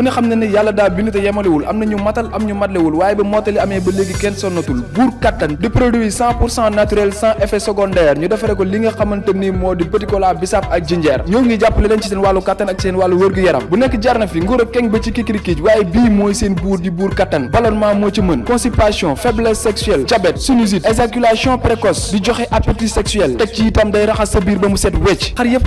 ku ne xam ne ne yàlla daa bind te yemalewul am na ñu matal am ñu matlewul waaye ba mottali amee ba léegi kenn sonnatul buur kattan di produit cent pour cent naturel sans effet secondaire ñu defare ko li nga xamante ni moo di petit cola bisaab ak jinjeer ñoo ngi jàppale leen ci seen wàllu kattan ak seen wàllu wërgu yaram bu nekk jarna fi nguur ak keng ba ci kikirikiij waaye bii mooy seen buur di buur kattan ballonnement moo ci mën constipation sa biir ba mu set wecc xar yëpp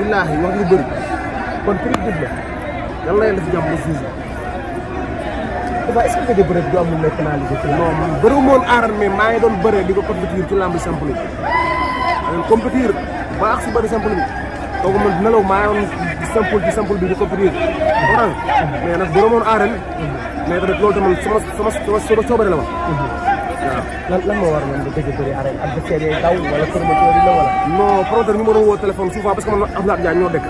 billaahi wax lu bëri kon prix la yàlla yàlla def jàmm ba juge Tapha est-ce que nga bëre du am lu lay pénalisé ci non man bëriwuma woon aar mais maa ngi doon bëre di ko compétir ci lamb simple bi man compétir baax si bëri simple bi kooku man nelaw maa ngi doon simple bi simple bi di compétir mais nag bëriwuma woon aar mais tamit loolu tamit sama sama sama soobare la ma lan lan moo war nañ di dëgg bëri yi daw wala promoteur yi ma doon woo téléphone souvent parce que man Abdoulaye Diagne ñoo dëkk.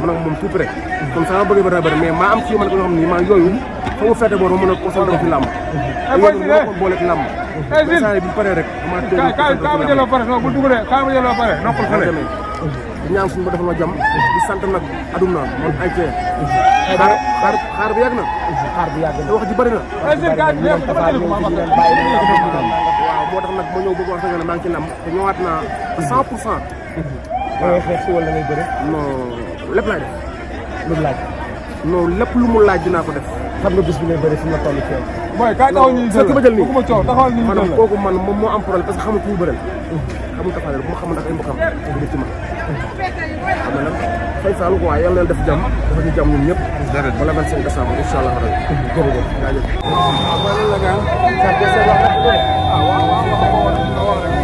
man ak moom tout près. kon saa ma bëggee bëri bëri mais maa am ci man ko xam ni maa yooyu fa mu fete boobu ma mën a concentré làmb. yooyu moo boole ci làmb. mais saa yi bu paree rek. maa teel a pare non bu dugg de kaa pare noppal fële. di ñaan suñu nag aduna man ay eh, xaar xaar bi yàgg xaar bu yàgg wax ji bëri na waaw moo tax nag ma ñëw bëgg wax nga ne maa ngi ci nam te ñëwaat naa à cent pour da ngay xeex si wala ngay bëri non lépp laaj lu mu laaj lu mu laaj dinaa ko def xam nga bis bi lay bëri fi ma toll ci mooy kaay moom moo am problème parce que xamul ku ñu xamul tafaare bu ma xamoon ak ay mbokkam dina ci ma xam nga nag fay saalu quoi yàlla na def jàmm dafa ñu jàmm ñun ñëpp wala vingt cinq décembre incha allah rabi jërëjëf jaajëf wala la gaan sàcce sa wax rek ah waaw waaw wax ko woon nga wax rek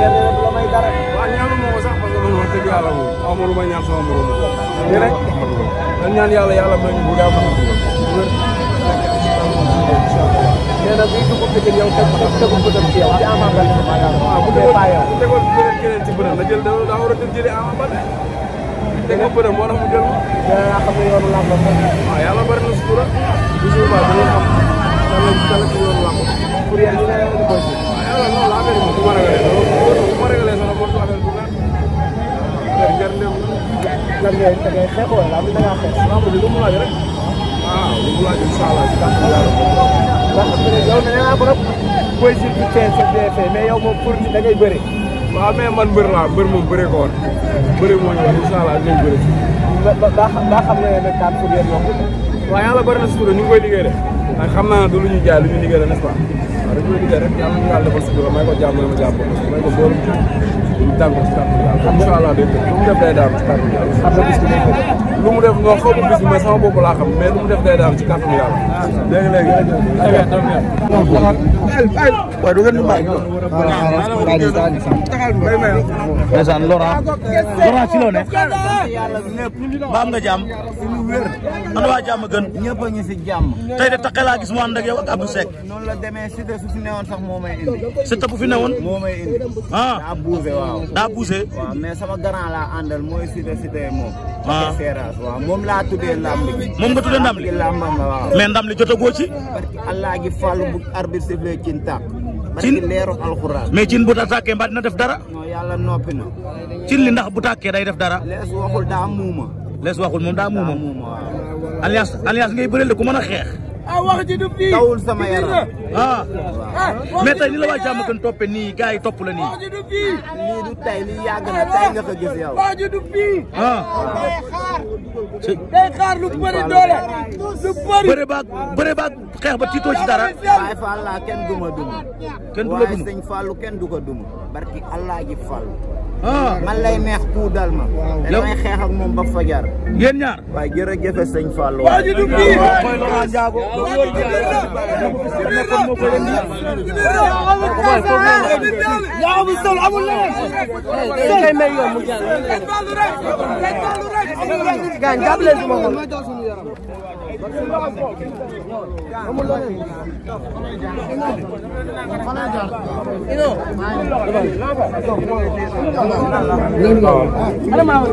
yàlla la may dara waaw ñaanu moo sax parce que loolu wax dëgg yàlla moom aw ma lu may ñaan sama morom rek ñaan yàlla yàlla may ñu bu gaaw nee na bii dugub bi yow teg ko tegu ko dem ci yow ci Ama Baldé waaw bu dee baa yow. bu tegoon keneen keneen ci bërëm la jël da daa war a dem jëlee Ama Baldé. teg ko bërëm moo tax mu jël. dinaa xam ne yoonu làmb moom. waaw yàlla bari na sutura. toujours waaw dañuy xam lan lañ lan la ci yoonu làmb. pour yéen ñu ne leen di bojj. waaw yàlla noonu la affaire bi bu ma régalee loolu bu ma régalee sax moom affaire bi naan. waaw jar ndem la. lan ngay da ngay xeex wala am na da ngaa xeex. waaw lu mu laaj rek. waaw lu mu laaj incha allah ci kàttan yàlla. ne da ngaa bëgg a poésie bi tey c'est bien fait yow moom pour da ngay bëri. waaw mais man mbër laa mbër moom bëree ko woon bëri moo ñu wax incha allah dinañ bëri. daa xam daa xam ne nag daan pour yéen moom. waaw na sutura ñu ngi koy liggéey de. ndax xam naa du lu ñuy jaay lu ma jàmm may ko boolu ñu daan ko ci kàttan yàlla incha allah day def lu mu def day daan ci kàttan yàlla xam na bis bi lu mu def nga xaw ma bis bi mais sama bopp lu mu def day ci kàttan yàlla léegi léegi waaye du ngeen di ci loo baam nga jàmm ana waa jàmm gën ñëpp a ñu gis mu ànd ak yow ak Abdou bu fi newoon sax moo may bu fi newoon. moo a indi. ah daa bougé waaw. daa bougé. waaw mais moom. Ah. waaw séeraas ndam li. moom nga tuddee ndam li lambam la mais ndam li jotagoo ci. parce que allah gi fàllu cin tàkk. cin parce cin bu tàkkee mbaa dina def dara. yàlla noppi na. cin li ndax bu tàkkee day def dara. lees waxul daa muuma. lees waxul moom daa muuma. daa muuma ngay bëreel de ku a xeex. ah wax ji du fii dawul sama yaram ah. mais tey ni la waa jàmm gën toppee nii yi topp la nii. wax ji du fii lii du tey lii na tey nga ko gis yow. wax ji du fii. ah. day xaar lu bëri doole. lu bëri bëri baag bëri baag xeex ba tiitoo ci dara. waaye fa Allah kenn du ma duma. kenn du la duma waaye sëñ Fallou kenn du ko duma. barki a ji Fallou. ah man lay neex ku dal ma. waaw damay xeex ak moom ba fajar. yéen ñaar. waaye jërëjëf sëñ Fallou. wax ji du yaa amul sol amul leneen. may yoon mu jàll. gaañ jàpp leen suma xol. amul leneen. Laurent.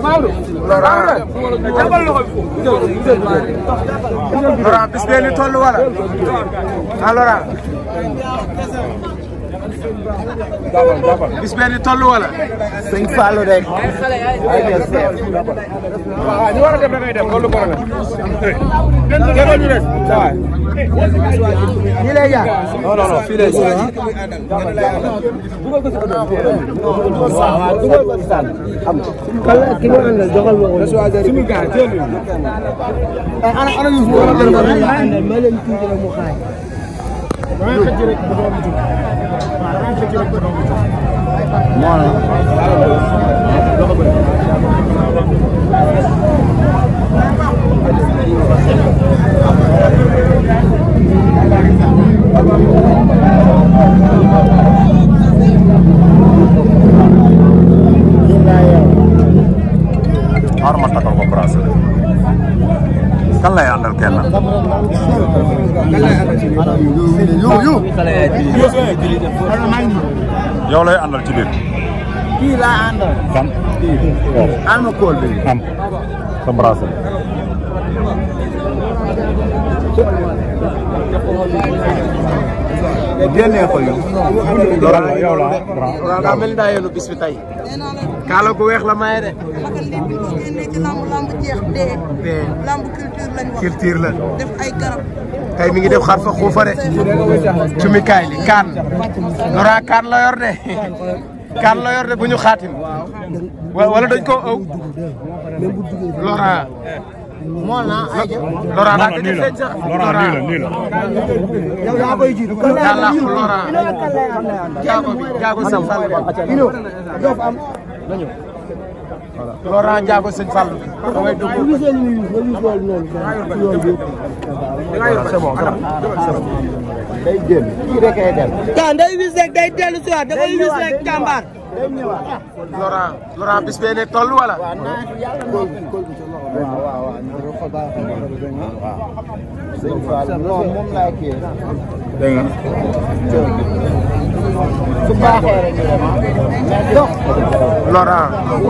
Laurent bis benn tool walla allora bis benn toll wala. sëñ Fallou rek. ay des seet. waaw ñu war a dem da ngay dem loolu problème. déggoo ñu rek. waaw. fii lay jaar. non non non fii lay jaar. waaw dugal ko si sànni. am na. kala ki ma àndal joxal ma ko. suñu gars jël ana ana ñu. ma leen tuuti rek mu xaay. moo la kan lay àndal kenn. yow lay àndal ci biir. kii laa àndal. kan. am na kóol bi. am sa brasse. génnee ko yow. loolu yow la ah. daa mel ni daa yenu bis bi tey. kaala gu weex la maye de. dee. dee lamb culture la def de. cumi kaay li kaan. Nora bu ñu xaatim. wala dañ ko ëw. Lora. moo naa ay jë. Lora daa gëj a sax Lora nii la jaago voilà Laurent Ndiago sëñ Fall. da ngay dugg bu gisee nii noonu. c'est bon day génn kii rek ay dem. ah day wis rek day dellu si waat da ngay wis rek jàmbaar. Laurent Laurent bis bee ne toll wala. waaw waaw waaw. sëñ Fall non moom laa kii. dégg nga. su baaxee rek. Laurent.